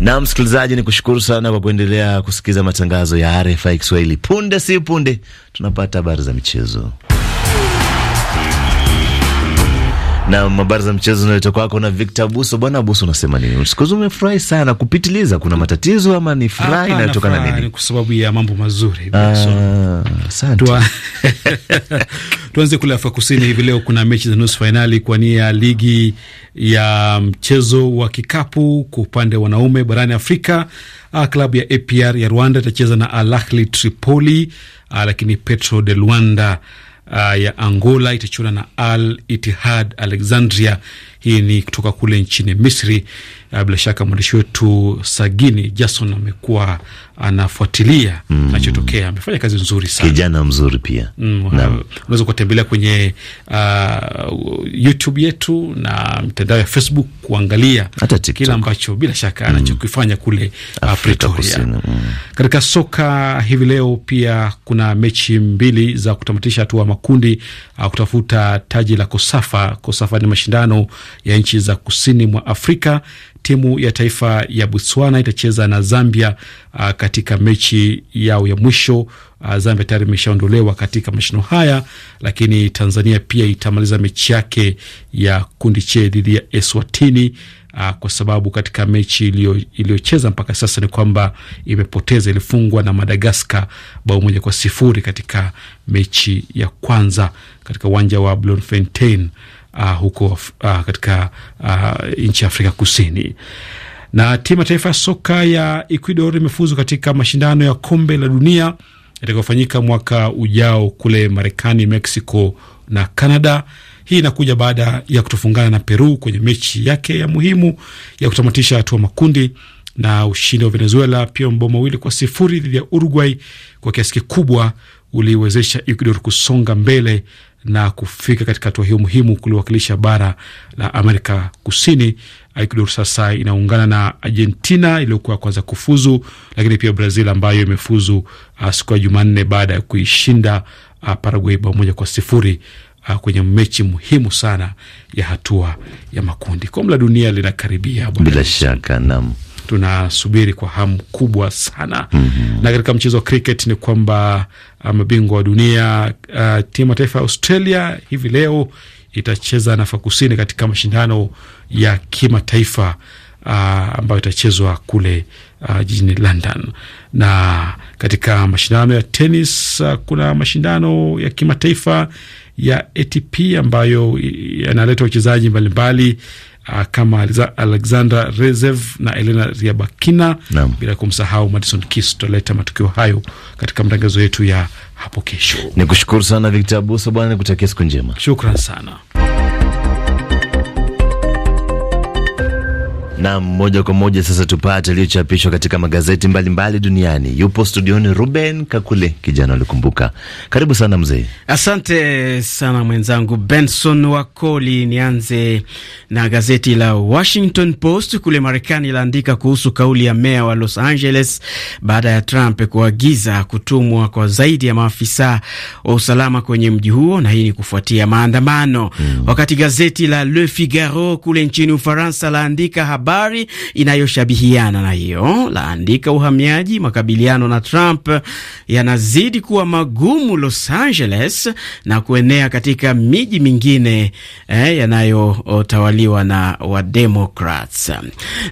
Na msikilizaji, ni kushukuru sana kwa kuendelea kusikiza matangazo ya RFI Kiswahili. Punde si punde tunapata habari za michezo. na habari za mchezo naleta kwako na Victor Buso. Bwana Buso, unasema nini? Siku hizi umefurahi sana kupitiliza, kuna matatizo ama ni furahi inayotokana na nini? Kwa sababu ya mambo mazuri. Ah, asante. Tuanze kule Afrika Kusini hivi leo, kuna mechi za nusu fainali kwa nia ya ligi ya mchezo wa kikapu kwa upande wa wanaume barani Afrika. Ah, klabu ya APR ya Rwanda itacheza na Al Ahly Tripoli, ah, lakini Petro de Luanda uh, ya Angola itachuana na Al Ittihad Alexandria hii ni kutoka kule nchini Misri. Uh, bila shaka mwandishi wetu Sagini Jason amekuwa anafuatilia mm. kinachotokea. Mm. Amefanya kazi nzuri sana, kijana mzuri pia. Mm, unaweza kuwatembelea kwenye uh, YouTube yetu na mtandao ya Facebook kuangalia kile ambacho bila shaka mm. anachokifanya kule uh, Pretoria. Mm. Katika soka hivi leo pia kuna mechi mbili za kutamatisha hatua makundi uh, kutafuta taji la Kosafa. Kosafa ni mashindano ya nchi za kusini mwa Afrika. Timu ya taifa ya Botswana itacheza na Zambia uh, katika mechi yao ya mwisho. Uh, Zambia tayari imeshaondolewa katika mashindano haya, lakini Tanzania pia itamaliza mechi yake ya kundi che dhidi ya Eswatini uh, kwa sababu katika mechi iliyocheza mpaka sasa ni kwamba imepoteza, ilifungwa na Madagaskar bao moja kwa sifuri katika mechi ya kwanza katika uwanja wa Bloemfontein uh, huko uh, katika uh, nchi ya Afrika Kusini. Na timu ya taifa ya soka ya Ecuador imefuzu katika mashindano ya kombe la dunia yatakayofanyika mwaka ujao kule Marekani, Mexico na Canada. Hii inakuja baada ya kutofungana na Peru kwenye mechi yake ya muhimu ya kutamatisha hatua makundi, na ushindi wa Venezuela pia mabao mawili kwa sifuri dhidi ya Uruguay kwa kiasi kikubwa uliwezesha Ecuador kusonga mbele na kufika katika hatua hiyo muhimu kuliwakilisha bara la Amerika Kusini. Ecuador sasa inaungana na Argentina iliyokuwa kwanza kufuzu, lakini pia Brazil ambayo imefuzu uh, siku ya Jumanne baada ya kuishinda uh, Paraguay bao moja kwa sifuri uh, kwenye mechi muhimu sana ya hatua ya makundi. Kombe la dunia linakaribia bila shaka nam tunasubiri kwa hamu kubwa sana mm -hmm. Na katika mchezo wa cricket ni kwamba uh, mabingwa wa dunia uh, timu ya taifa ya Australia hivi leo itacheza na Afrika Kusini katika mashindano ya kimataifa uh, ambayo itachezwa kule uh, jijini London. Na katika mashindano ya tenis uh, kuna mashindano ya kimataifa ya ATP ambayo yanaleta wachezaji mbalimbali uh, kama Alexander Rezev na Elena Riabakina no. bila kumsahau Madison Kis. Tutaleta matukio hayo katika matangazo yetu ya hapo kesho. ni kushukuru sana Victor Abuso, bwana, nikutakia siku njema. Shukran sana. na moja kwa moja sasa tupate aliyochapishwa katika magazeti mbalimbali mbali duniani. Yupo studioni Ruben Kakule, kijana alikumbuka. Karibu sana mzee. Asante sana mwenzangu Benson Wakoli. Nianze na gazeti la Washington Post kule Marekani, laandika kuhusu kauli ya meya wa Los Angeles baada ya Trump kuagiza kutumwa kwa zaidi ya maafisa wa usalama kwenye mji huo, na hii ni kufuatia maandamano mm. Wakati gazeti la Le Figaro kule nchini Ufaransa laandika habari habari inayoshabihiana na hiyo laandika uhamiaji, makabiliano na Trump yanazidi kuwa magumu Los Angeles na kuenea katika miji mingine eh, yanayotawaliwa na Wademokrats.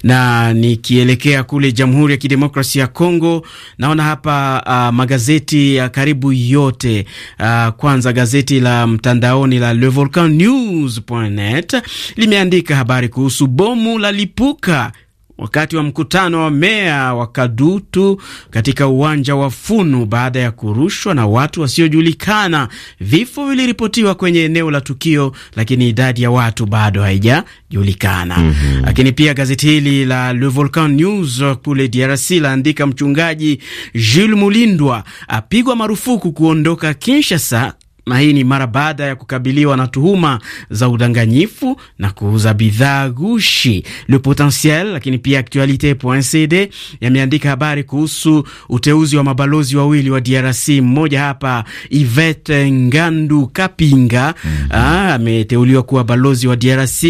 Na nikielekea kule Jamhuri ya Kidemokrasia ya Kongo, naona hapa uh, magazeti ya karibu yote uh, kwanza gazeti la mtandaoni la Volcan news.net limeandika habari kuhusu bomu la lipu kuibuka wakati wa mkutano wa meya wa Kadutu katika uwanja wa Funu baada ya kurushwa na watu wasiojulikana. Vifo viliripotiwa kwenye eneo la tukio, lakini idadi ya watu bado haijajulikana. mm -hmm. Lakini pia gazeti hili la Le Volcan News kule DRC laandika mchungaji Jules Mulindwa apigwa marufuku kuondoka Kinshasa na hii ni mara baada ya kukabiliwa na tuhuma za udanganyifu na kuuza bidhaa gushi. Le Potentiel lakini pia Actualite.cd yameandika habari kuhusu uteuzi wa mabalozi wawili wa DRC, mmoja hapa Ivete Ngandu Kapinga mm -hmm. ameteuliwa kuwa balozi wa DRC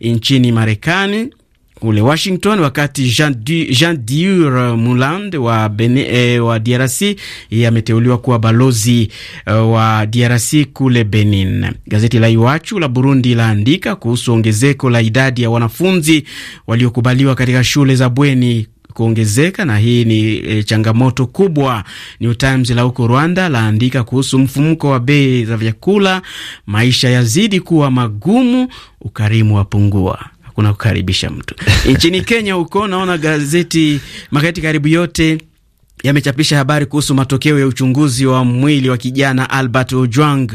nchini Marekani kule Washington, wakati Jean, du, Jean Muland wa, Bene, eh, wa DRC yeye ameteuliwa kuwa balozi eh, wa DRC kule Benin. Gazeti la Iwachu la Burundi laandika kuhusu ongezeko la idadi ya wanafunzi waliokubaliwa katika shule za bweni kuongezeka na hii ni e, changamoto kubwa. New Times la huko Rwanda laandika kuhusu mfumuko wa bei za vyakula, maisha yazidi kuwa magumu, ukarimu wapungua unakukaribisha mtu nchini Kenya huko naona gazeti magazeti karibu yote yamechapisha habari kuhusu matokeo ya uchunguzi wa mwili wa kijana Albert Ojwang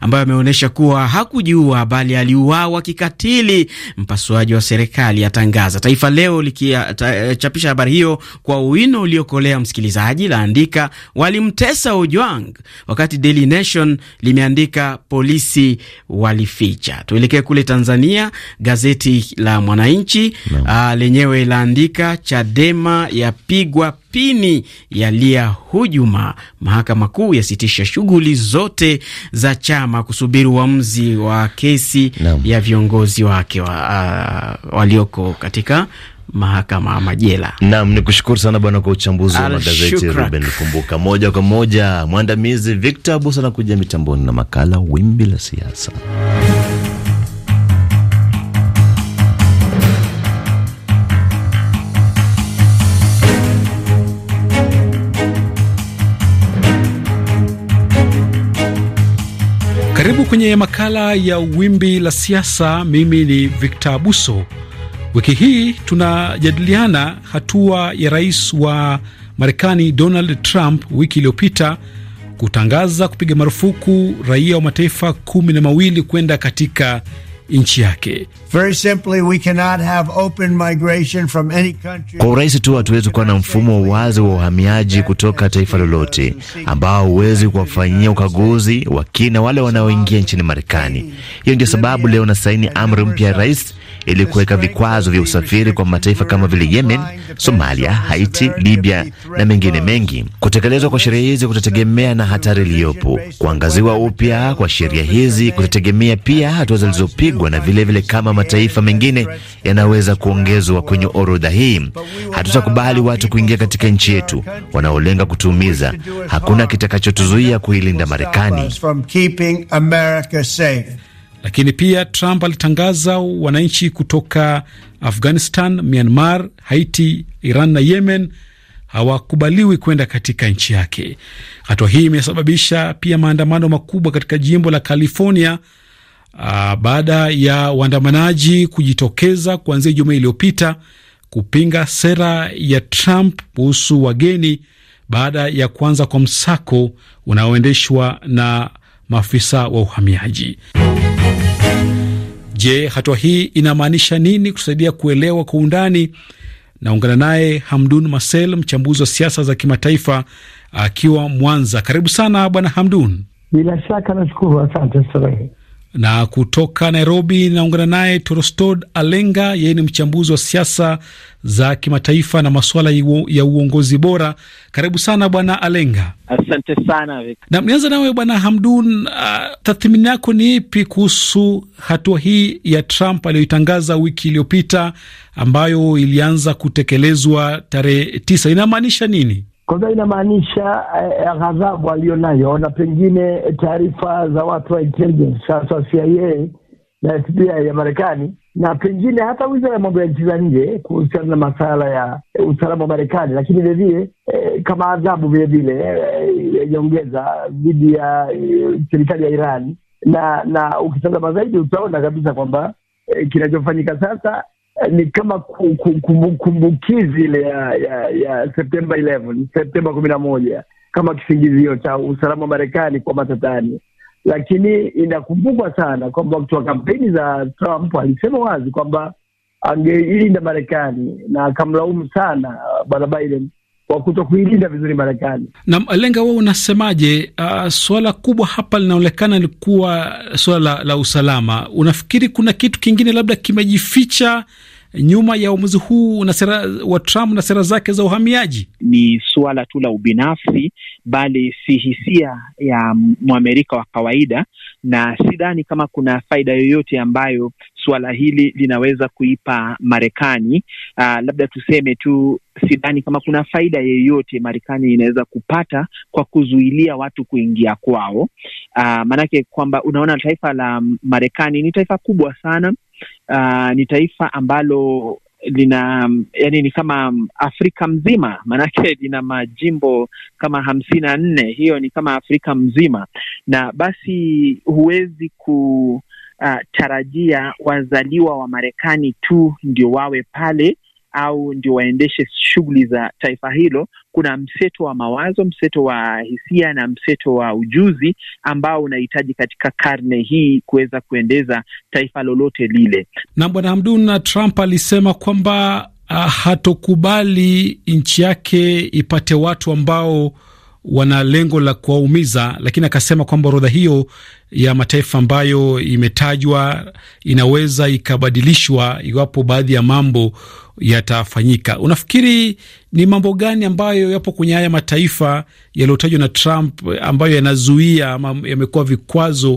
ambayo ameonyesha kuwa hakujiua bali aliuawa kikatili, mpasuaji wa serikali atangaza. Taifa Leo likichapisha habari hiyo kwa uwino uliokolea, msikilizaji, laandika walimtesa Ojwang, wakati Daily Nation limeandika polisi walificha. Tuelekee kule Tanzania, gazeti la Mwananchi no. Ah, lenyewe laandika Chadema yapigwa sitini yalia hujuma. Mahakama Kuu yasitisha shughuli zote za chama kusubiri uamuzi wa kesi Naam. ya viongozi wake wa, uh, walioko katika mahakama ama jela. Naam, ni kushukuru sana bwana kwa uchambuzi wa magazeti Ruben Kumbuka. Moja kwa moja mwandamizi Victor Abusa anakuja mitamboni na makala wimbi la siasa. Karibu kwenye makala ya wimbi la siasa. Mimi ni Victor Abuso. Wiki hii tunajadiliana hatua ya rais wa Marekani Donald Trump wiki iliyopita kutangaza kupiga marufuku raia wa mataifa kumi na mawili kwenda katika nchi yake. Kwa urahisi tu, hatuwezi kuwa na mfumo wa wazi wa uhamiaji kutoka taifa lolote ambao huwezi kuwafanyia ukaguzi wa kina wale wanaoingia nchini Marekani. Hiyo ndio sababu leo na saini amri mpya ya rais ili kuweka vikwazo vya usafiri kwa mataifa kama vile Yemen, Somalia, Haiti, Libya na mengine mengi. Kutekelezwa kwa sheria hizi kutategemea na hatari iliyopo. Kuangaziwa upya kwa sheria hizi kutategemea pia hatua zilizopigwa na vilevile vile kama mataifa mengine yanaweza kuongezwa kwenye orodha hii. Hatutakubali watu kuingia katika nchi yetu wanaolenga kutuumiza. Hakuna kitakachotuzuia kuilinda Marekani. Lakini pia Trump alitangaza wananchi kutoka Afghanistan, Myanmar, Haiti, Iran na Yemen hawakubaliwi kwenda katika nchi yake. Hatua hii imesababisha pia maandamano makubwa katika jimbo la California aa, ah, baada ya waandamanaji kujitokeza kuanzia Ijumaa iliyopita kupinga sera ya Trump kuhusu wageni baada ya kuanza kwa msako unaoendeshwa na maafisa wa uhamiaji. Je, hatua hii inamaanisha nini? Kusaidia kuelewa kwa undani, naungana naye Hamdun Masel, mchambuzi wa siasa za kimataifa akiwa Mwanza. Karibu sana bwana Hamdun. Bila shaka nashukuru, asante. Na kutoka Nairobi naungana naye Torostod Alenga, yeye ni mchambuzi wa siasa za kimataifa na masuala ya uongozi bora. Karibu sana bwana Alenga. Asante sana na nianza nawe bwana Hamdun. Uh, tathmini yako ni ipi kuhusu hatua hii ya Trump aliyoitangaza wiki iliyopita ambayo ilianza kutekelezwa tarehe tisa? Inamaanisha nini? Kwa hivyo inamaanisha eh, eh, ghadhabu aliyonayo na pengine taarifa za watu wa intelligence sasa CIA na FBI ya Marekani na pengine hata wizara ya mambo ya nchi za nje kuhusiana na masala ya eh, usalama wa Marekani, lakini vilevile eh, kama adhabu vilevile yajiongeza eh, dhidi ya eh, serikali ya Iran na na ukitazama zaidi utaona kabisa kwamba eh, kinachofanyika sasa Eh, ni kama kumbukizi ile ya, ya, ya Septemba 11 Septemba kumi na moja kama kisingizio cha usalama wa Marekani kwa matatani, lakini inakumbukwa sana kwamba wakati wa kampeni za Trump alisema wazi kwamba angeilinda Marekani na akamlaumu sana uh, bwana Biden kwa kuto kuilinda vizuri Marekani. Na lenga, wewe unasemaje? Uh, suala kubwa hapa linaonekana ni kuwa suala la, la usalama. Unafikiri kuna kitu kingine labda kimejificha nyuma ya uamuzi huu na sera wa Trump na sera zake za uhamiaji? Ni suala tu la ubinafsi, bali si hisia ya Mwamerika wa kawaida na sidhani kama kuna faida yoyote ambayo suala hili linaweza kuipa Marekani. Uh, labda tuseme tu sidhani kama kuna faida yoyote Marekani inaweza kupata kwa kuzuilia watu kuingia kwao. Uh, maanake kwamba unaona taifa la Marekani ni taifa kubwa sana. Uh, ni taifa ambalo lina yani ni kama Afrika mzima, maanake lina majimbo kama hamsini na nne. Hiyo ni kama Afrika mzima, na basi huwezi ku Uh, tarajia wazaliwa wa Marekani tu ndio wawe pale au ndio waendeshe shughuli za taifa hilo, kuna mseto wa mawazo, mseto wa hisia na mseto wa ujuzi ambao unahitaji katika karne hii kuweza kuendeza taifa lolote lile. Na Bwana Hamdun, Trump alisema kwamba ah, hatokubali nchi yake ipate watu ambao wana lengo la kuwaumiza, lakini akasema kwamba orodha hiyo ya mataifa ambayo imetajwa inaweza ikabadilishwa iwapo baadhi ya mambo yatafanyika. Unafikiri ni mambo gani ambayo yapo kwenye haya mataifa yaliyotajwa na Trump ambayo yanazuia ama yamekuwa vikwazo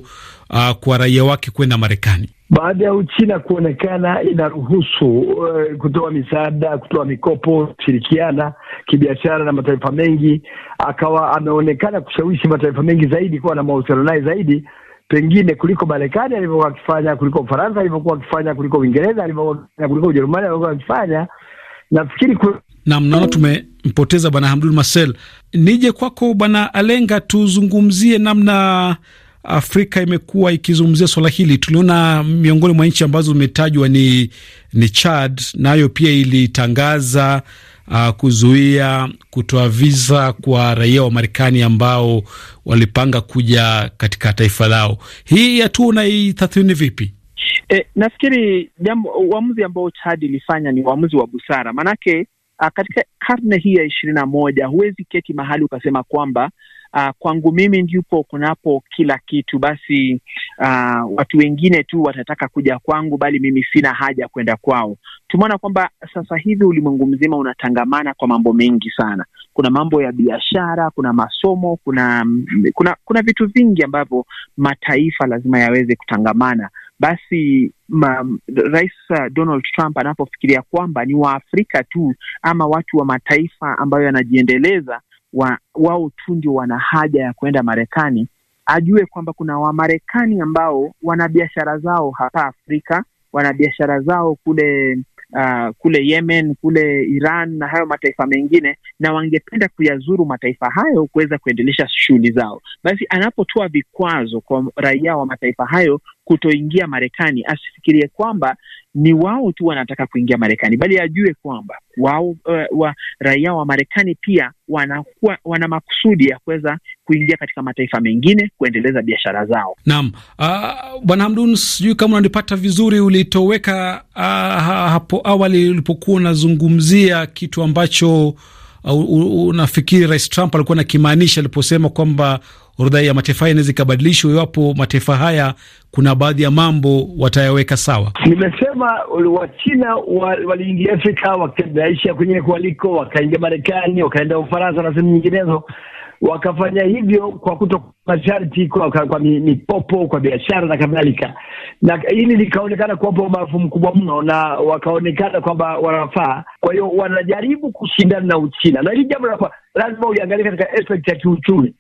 uh, kwa raia wake kwenda Marekani? baada ya Uchina kuonekana inaruhusu uh, kutoa misaada, kutoa mikopo, kushirikiana kibiashara na mataifa mengi, akawa ameonekana kushawishi mataifa mengi zaidi kuwa na mahusiano naye zaidi pengine kuliko Marekani alivyokuwa akifanya, kuliko Ufaransa alivyokuwa akifanya, kuliko Uingereza alivyokuwa akifanya, kuliko Ujerumani alivyokuwa akifanya. Nafikiri na mnaona tumempoteza Bwana Hamdul Masel. Nije kwako Bwana Alenga, tuzungumzie namna Afrika imekuwa ikizungumzia swala hili. Tuliona miongoni mwa nchi ambazo zimetajwa ni, ni Chad nayo na pia ilitangaza uh, kuzuia kutoa visa kwa raia wa Marekani ambao walipanga kuja katika taifa lao. Hii hatua unaitathmini vipi? E, nafikiri jambo uamuzi ambao Chad ilifanya ni uamuzi wa busara, maanake uh, katika karne hii ya ishirini na moja huwezi keti mahali ukasema kwamba uh, kwangu mimi ndipo kunapo kila kitu. Basi uh, watu wengine tu watataka kuja kwangu, bali mimi sina haja kwenda kwao. Tumeona kwamba sasa hivi ulimwengu mzima unatangamana kwa mambo mengi sana. Kuna mambo ya biashara, kuna masomo, kuna kuna kuna vitu vingi ambavyo mataifa lazima yaweze kutangamana. Basi ma, Rais ah, Donald Trump anapofikiria kwamba ni Waafrika tu ama watu wa mataifa ambayo yanajiendeleza wa, wao tu ndio wana haja ya kuenda Marekani, ajue kwamba kuna Wamarekani ambao wana biashara zao hapa Afrika, wana biashara zao kule uh, kule Yemen, kule Iran na hayo mataifa mengine, na wangependa kuyazuru mataifa hayo kuweza kuendelesha shughuli zao. Basi anapotoa vikwazo kwa raia wa mataifa hayo, kutoingia Marekani, asifikirie kwamba ni wao tu wanataka kuingia Marekani, bali ajue kwamba wao uh, wa raia wa Marekani pia wanakuwa wana makusudi ya kuweza kuingia katika mataifa mengine kuendeleza biashara zao. Naam, uh, Bwana Hamdun, sijui kama unanipata vizuri. Ulitoweka uh, hapo awali ulipokuwa unazungumzia kitu ambacho uh, unafikiri Rais Trump alikuwa nakimaanisha aliposema kwamba orodha ya mataifa haya inaweza ikabadilishwa iwapo mataifa haya kuna baadhi ya mambo watayaweka sawa. Nimesema Wachina waliingia wali Afrika wakaisha kwenye kualiko, wakaingia Marekani, wakaenda Ufaransa na sehemu nyinginezo wakafanya hivyo kwa kuto masharti kwa, kwa, kwa mipopo kwa biashara na kadhalika, na hili likaonekana kuwapa umaarufu mkubwa mno na wakaonekana kwamba wanafaa. Kwa hiyo wanajaribu kushindana na Uchina, na hili jambo lazima uliangalia katika aspect ya kiuchumi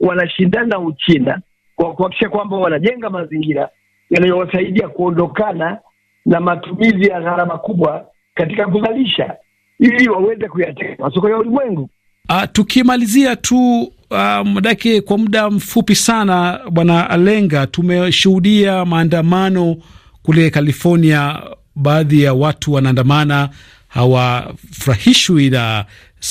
wanashindana na Uchina kwa kuhakikisha kwamba wanajenga mazingira yanayowasaidia kuondokana na matumizi ya gharama kubwa katika kuzalisha ili waweze kuyatenga masoko ya ulimwengu. Ah, tukimalizia tu ah, madake kwa muda mfupi sana, Bwana Alenga, tumeshuhudia maandamano kule California. Baadhi ya watu wanaandamana hawafurahishwi na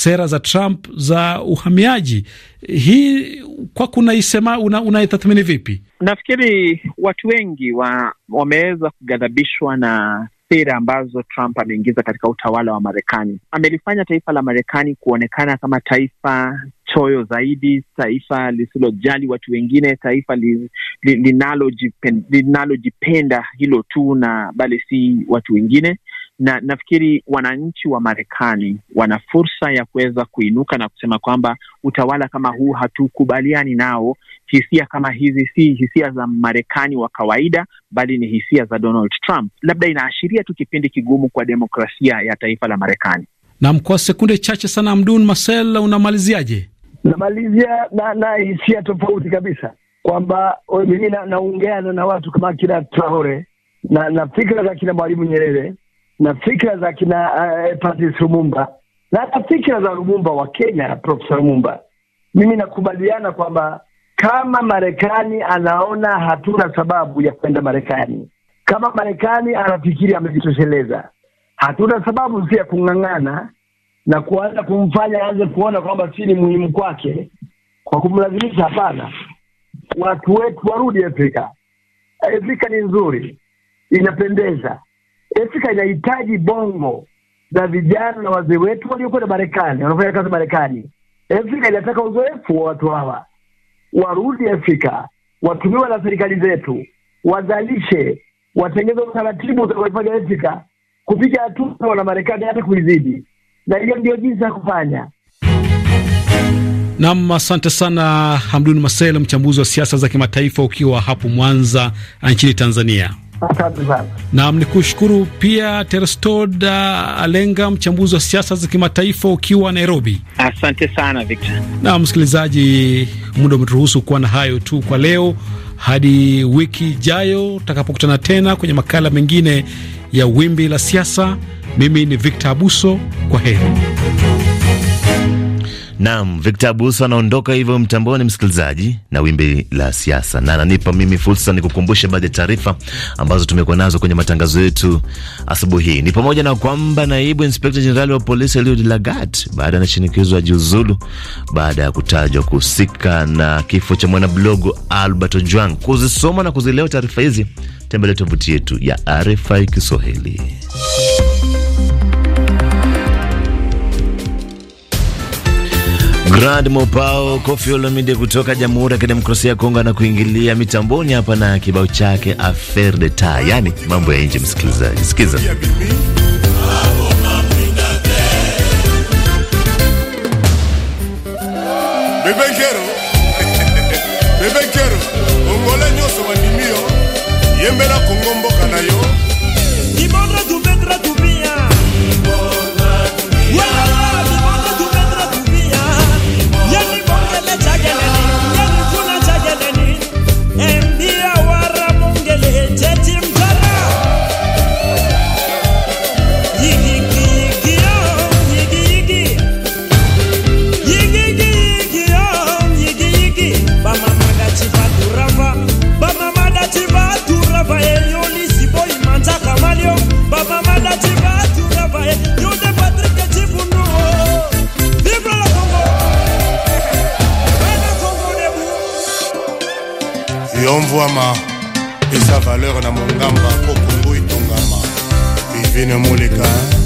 sera za Trump za uhamiaji. Hii kwako unaisema, unaitathmini una vipi? Nafikiri watu wengi wa, wameweza kugadhabishwa na sera ambazo Trump ameingiza katika utawala wa Marekani. Amelifanya taifa la Marekani kuonekana kama taifa choyo zaidi, taifa lisilojali watu wengine, taifa li, li, linalojipenda hilo tu na bali si watu wengine na nafikiri wananchi wa Marekani wana fursa ya kuweza kuinuka na kusema kwamba utawala kama huu hatukubaliani nao. Hisia kama hizi si hisia za Marekani wa kawaida, bali ni hisia za Donald Trump. Labda inaashiria tu kipindi kigumu kwa demokrasia ya taifa la Marekani. Nam, kwa sekunde chache sana, Amdun Marcel, unamaliziaje? Namalizia na, na hisia tofauti kabisa kwamba mimi naungeana na watu kama kina Traore na na fikra za kina Mwalimu Nyerere na fikra za kina uh, Patrice Lumumba na hata fikra za Lumumba wa Kenya, Profesa Lumumba. Mimi nakubaliana kwamba kama Marekani anaona hatuna sababu ya kwenda Marekani, kama Marekani anafikiri amejitosheleza, hatuna sababu si ya kung'ang'ana na kuanza kumfanya aanze kuona kwamba si ni muhimu kwake kwa kumlazimisha. Hapana, watu wetu warudi Afrika. Afrika ni nzuri, inapendeza Afrika inahitaji bongo za vijana na wazee wetu waliokwenda Marekani, wanafanya kazi Marekani. Afrika inataka uzoefu wa watu hawa, warudi Afrika, watumiwa na serikali zetu, wazalishe, watengeze utaratibu utakaoifanya Afrika kupiga hatua na Marekani hata kuizidi, na hiyo ndio jinsi ya kufanya. Nam, asante sana Hamdun Masel, mchambuzi wa siasa za kimataifa, ukiwa hapo Mwanza nchini Tanzania nam Naam, ni kushukuru pia Terstod uh, Alenga, mchambuzi wa siasa za kimataifa ukiwa Nairobi. Asante sana Victor. Naam, msikilizaji, muda umeturuhusu kuwa na hayo tu kwa leo, hadi wiki ijayo utakapokutana tena kwenye makala mengine ya Wimbi la Siasa. Mimi ni Victor Abuso, kwa heri. Naam, Victor Abuso anaondoka hivyo mtamboni, msikilizaji, na wimbi la siasa, na ananipa mimi fursa nikukumbushe baadhi ya taarifa ambazo tumekuwa nazo kwenye matangazo yetu asubuhi hii. Ni pamoja na kwamba naibu inspekta jenerali wa polisi Eliud Lagat baada ya shinikizo ajiuzulu baada ya kutajwa kuhusika na kifo cha mwanablogu Albert Ojwang. Kuzisoma na kuzielewa taarifa hizi, tembelea tovuti yetu ya RFI Kiswahili. Grand Mopao Kofi Olomide kutoka Jamhuri ya Kidemokrasia ya Kongo na kuingilia mitamboni hapa na kibao chake Affaire d'Etat, yani mambo ya nje. Msikilizaji, sikiza Sa valeur na mon mongamba po kongo etongama ivine moleka eh.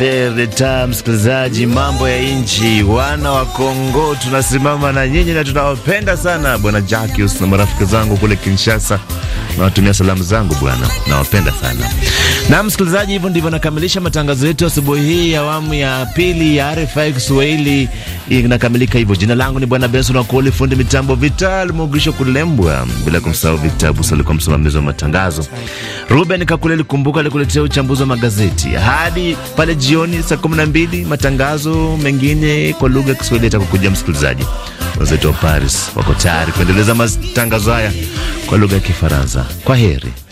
affaire tam. Msikilizaji, mambo ya nchi, wana wa Kongo, tunasimama na nyinyi na tunawapenda sana. Bwana Jacques na marafiki zangu kule Kinshasa, nawatumia salamu zangu bwana, nawapenda sana. Na msikilizaji, hivyo ndivyo nakamilisha matangazo yetu asubuhi hii ya awamu ya pili ya RFI Kiswahili inakamilika hivyo. Jina langu ni Bwana Benson Wakoli, fundi mitambo Vital Mugisho Kulembwa, bila kumsahau Vitabu alikuwa msimamizi wa matangazo. Ruben kakule likumbuka alikuletea uchambuzi wa magazeti hadi pale jioni saa mbili. Matangazo mengine kwa lugha ya Kiswahili atakukuja msikilizaji. Wenzetu wa Paris wako tayari kuendeleza matangazo haya kwa lugha ya Kifaransa. Kwa heri.